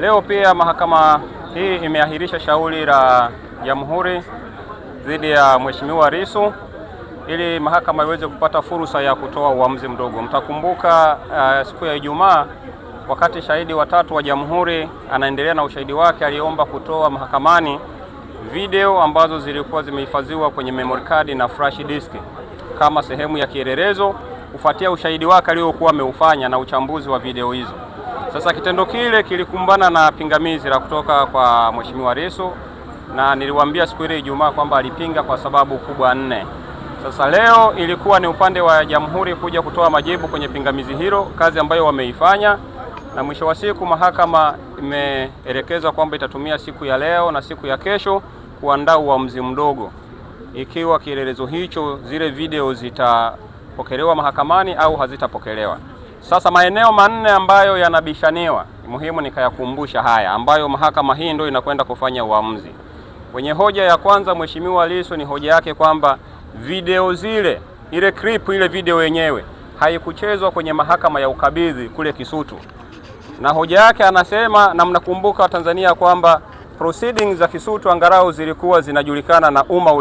Leo pia mahakama hii imeahirisha shauri la jamhuri dhidi ya Mheshimiwa Lissu ili mahakama iweze kupata fursa ya kutoa uamuzi mdogo. Mtakumbuka uh, siku ya Ijumaa wakati shahidi watatu wa jamhuri anaendelea na ushahidi wake, aliomba kutoa mahakamani video ambazo zilikuwa zimehifadhiwa kwenye memory card na flash disk kama sehemu ya kielelezo kufuatia ushahidi wake aliokuwa ameufanya na uchambuzi wa video hizo. Sasa kitendo kile kilikumbana na pingamizi la kutoka kwa Mheshimiwa Lissu na niliwaambia siku ile Ijumaa kwamba alipinga kwa sababu kubwa nne. Sasa leo ilikuwa ni upande wa Jamhuri kuja kutoa majibu kwenye pingamizi hilo, kazi ambayo wameifanya, na mwisho wa siku mahakama imeelekeza kwamba itatumia siku ya leo na siku ya kesho kuandaa uamuzi mdogo, ikiwa kielelezo hicho, zile video zitapokelewa mahakamani au hazitapokelewa. Sasa maeneo manne ambayo yanabishaniwa, muhimu nikayakumbusha haya, ambayo mahakama hii ndio inakwenda kufanya uamuzi. Kwenye hoja ya kwanza, Mheshimiwa Lissu ni hoja yake kwamba video zile, ile clip, ile video yenyewe haikuchezwa kwenye mahakama ya ukabidhi kule Kisutu, na hoja yake anasema, na mnakumbuka Tanzania kwamba proceedings za Kisutu angalau zilikuwa zinajulikana na umma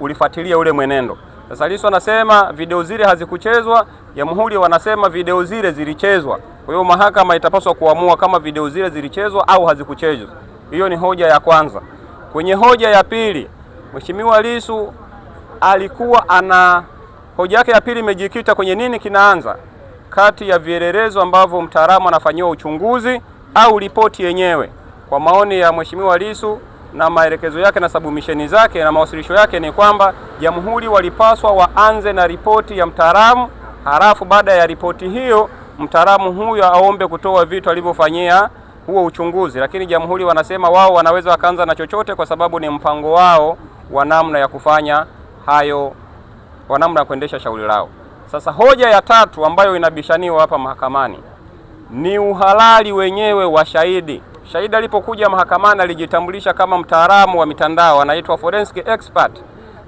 ulifuatilia ule mwenendo. Sasa Lissu anasema video zile hazikuchezwa jamhuri wanasema video zile zilichezwa. Kwa hiyo mahakama itapaswa kuamua kama video zile zilichezwa au hazikuchezwa. Hiyo ni hoja ya kwanza. Kwenye hoja ya pili, Mheshimiwa Lissu alikuwa ana hoja yake ya pili imejikita kwenye nini kinaanza kati ya vielelezo ambavyo mtaalamu anafanyiwa uchunguzi au ripoti yenyewe. Kwa maoni ya Mheshimiwa Lissu na maelekezo yake na sabumisheni zake na mawasilisho yake ni kwamba jamhuri walipaswa waanze na ripoti ya mtaalamu Halafu baada ya ripoti hiyo mtaalamu huyo aombe kutoa vitu alivyofanyia huo uchunguzi, lakini jamhuri wanasema wao wanaweza wakaanza na chochote kwa sababu ni mpango wao wa namna ya kufanya hayo, wa namna ya kuendesha shauri lao. Sasa hoja ya tatu ambayo inabishaniwa hapa mahakamani ni uhalali wenyewe wa shahidi. Shahidi alipokuja mahakamani alijitambulisha kama mtaalamu wa mitandao, anaitwa forensic expert.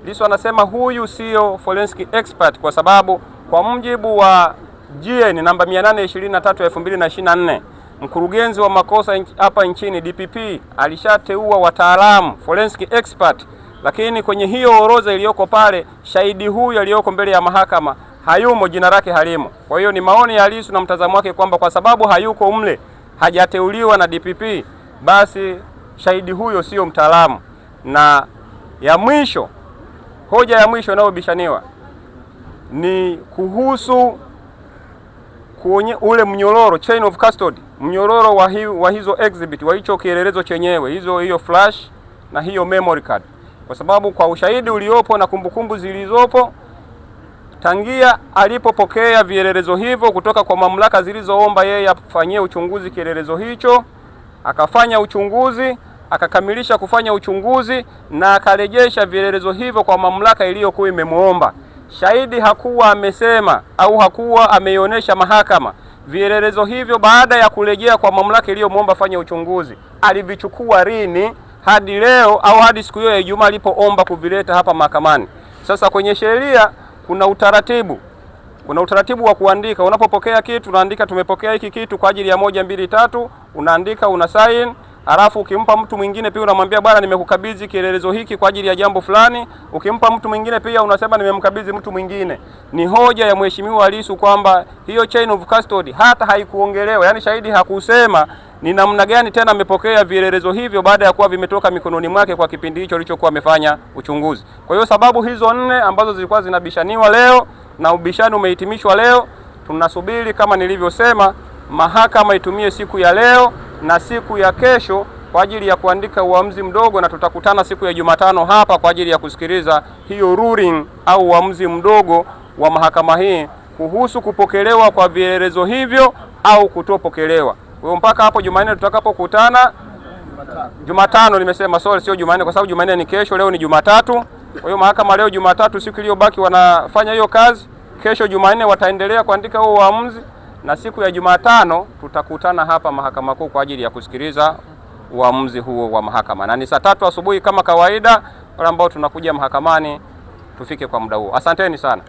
Lissu anasema huyu sio forensic expert kwa sababu kwa mujibu wa GN namba 823 2024, mkurugenzi wa makosa hapa nchini DPP alishateua wataalamu forensic expert, lakini kwenye hiyo orodha iliyoko pale shahidi huyu aliyoko mbele ya mahakama hayumo, jina lake halimo. Kwa hiyo ni maoni ya Lissu na mtazamo wake kwamba kwa sababu hayuko mle, hajateuliwa na DPP, basi shahidi huyo siyo mtaalamu. Na ya mwisho, hoja ya mwisho inayobishaniwa ni kuhusu kuonye ule mnyororo chain of custody, mnyororo wa, hi, wa hizo exhibit wa hicho kielelezo chenyewe, hizo hiyo flash na hiyo memory card, kwa sababu kwa ushahidi uliopo na kumbukumbu zilizopo tangia alipopokea vielelezo hivyo kutoka kwa mamlaka zilizoomba yeye afanyie uchunguzi kielelezo hicho, akafanya uchunguzi, akakamilisha kufanya uchunguzi na akarejesha vielelezo hivyo kwa mamlaka iliyokuwa imemwomba shahidi hakuwa amesema au hakuwa ameionyesha mahakama vielelezo hivyo, baada ya kurejea kwa mamlaka iliyomwomba fanya uchunguzi, alivichukua rini hadi leo au hadi siku hiyo ya Ijumaa alipoomba kuvileta hapa mahakamani. Sasa kwenye sheria kuna utaratibu, kuna utaratibu wa kuandika. Unapopokea kitu unaandika tumepokea hiki kitu kwa ajili ya moja, mbili, tatu, unaandika una sign alafu ukimpa mtu mwingine pia unamwambia bwana, nimekukabidhi kielelezo hiki kwa ajili ya jambo fulani. Ukimpa mtu mwingine pia unasema nimemkabidhi mtu mwingine. Ni hoja ya Mheshimiwa Lissu kwamba hiyo chain of custody hata haikuongelewa, yaani shahidi hakusema ni namna gani tena amepokea vielelezo hivyo baada ya kuwa vimetoka mikononi mwake kwa kipindi hicho alichokuwa amefanya uchunguzi. Kwa hiyo sababu hizo nne ambazo zilikuwa zinabishaniwa leo na ubishani umehitimishwa leo, tunasubiri kama nilivyosema, mahakama itumie siku ya leo na siku ya kesho kwa ajili ya kuandika uamuzi mdogo, na tutakutana siku ya Jumatano hapa kwa ajili ya kusikiliza hiyo ruling au uamuzi mdogo wa mahakama hii kuhusu kupokelewa kwa vielelezo hivyo au kutopokelewa. Kwa hiyo mpaka hapo Jumanne tutakapokutana, Jumatano nimesema, sorry, sio Jumanne kwa sababu Jumanne ni kesho, leo ni Jumatatu. Kwa hiyo mahakama leo Jumatatu, siku iliyobaki wanafanya hiyo kazi. Kesho Jumanne wataendelea kuandika huo uamuzi na siku ya Jumatano tutakutana hapa Mahakama Kuu kwa ajili ya kusikiliza uamuzi huo wa mahakama, na ni saa tatu asubuhi kama kawaida. Wale ambao tunakuja mahakamani tufike kwa muda huo. Asanteni sana.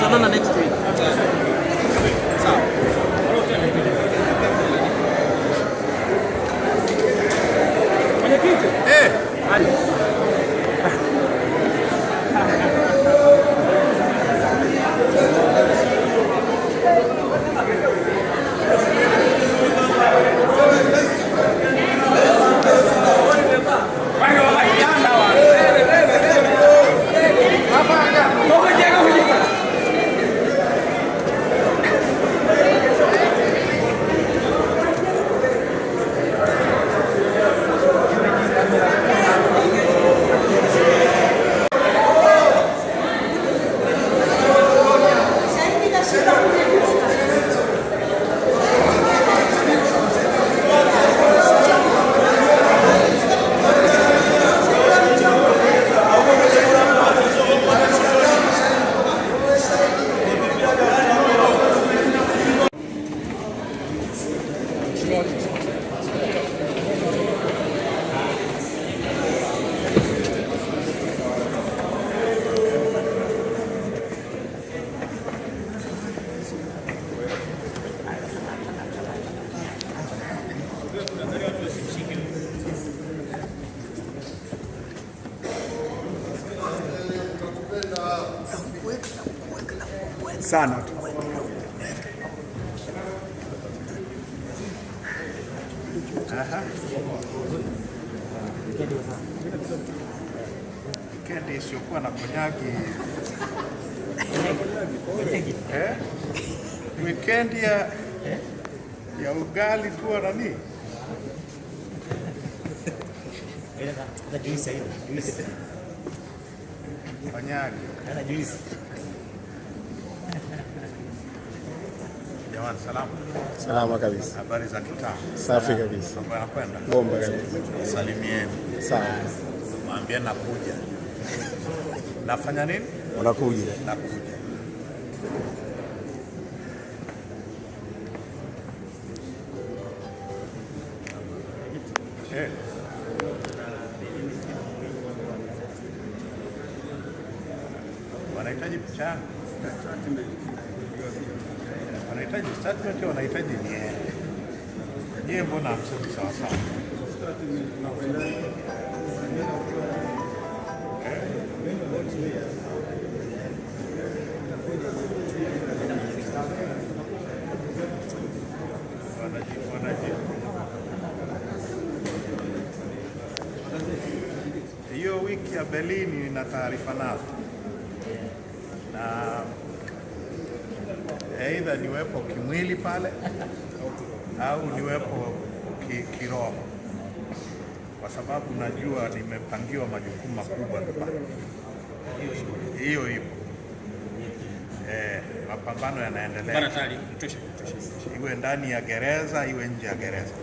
咱们。sana tu. Aha. isiyokuwa na konyagi eh? Wikendi ya ya ugali kuwa nani? Konyagi. Jamani, salama salama kabisa. Habari za kitaa? Safi kabisa. Mambo yanakwenda bomba kabisa. Salimieni. Sawa. Mwambie nakuja. Nafanya nini? Unakuja. Nakuja. Eh. Wanahitaji picha statement wanahitaji ni yeye, mbona hamsemi sawa sawa? Hiyo wiki ya Berlin ina taarifa nazo na aidha niwepo kimwili pale au niwepo kiroho, kwa sababu najua nimepangiwa majukumu makubwa pale. Hiyo ipo eh, mapambano yanaendelea, iwe ndani ya gereza, iwe nje ya gereza.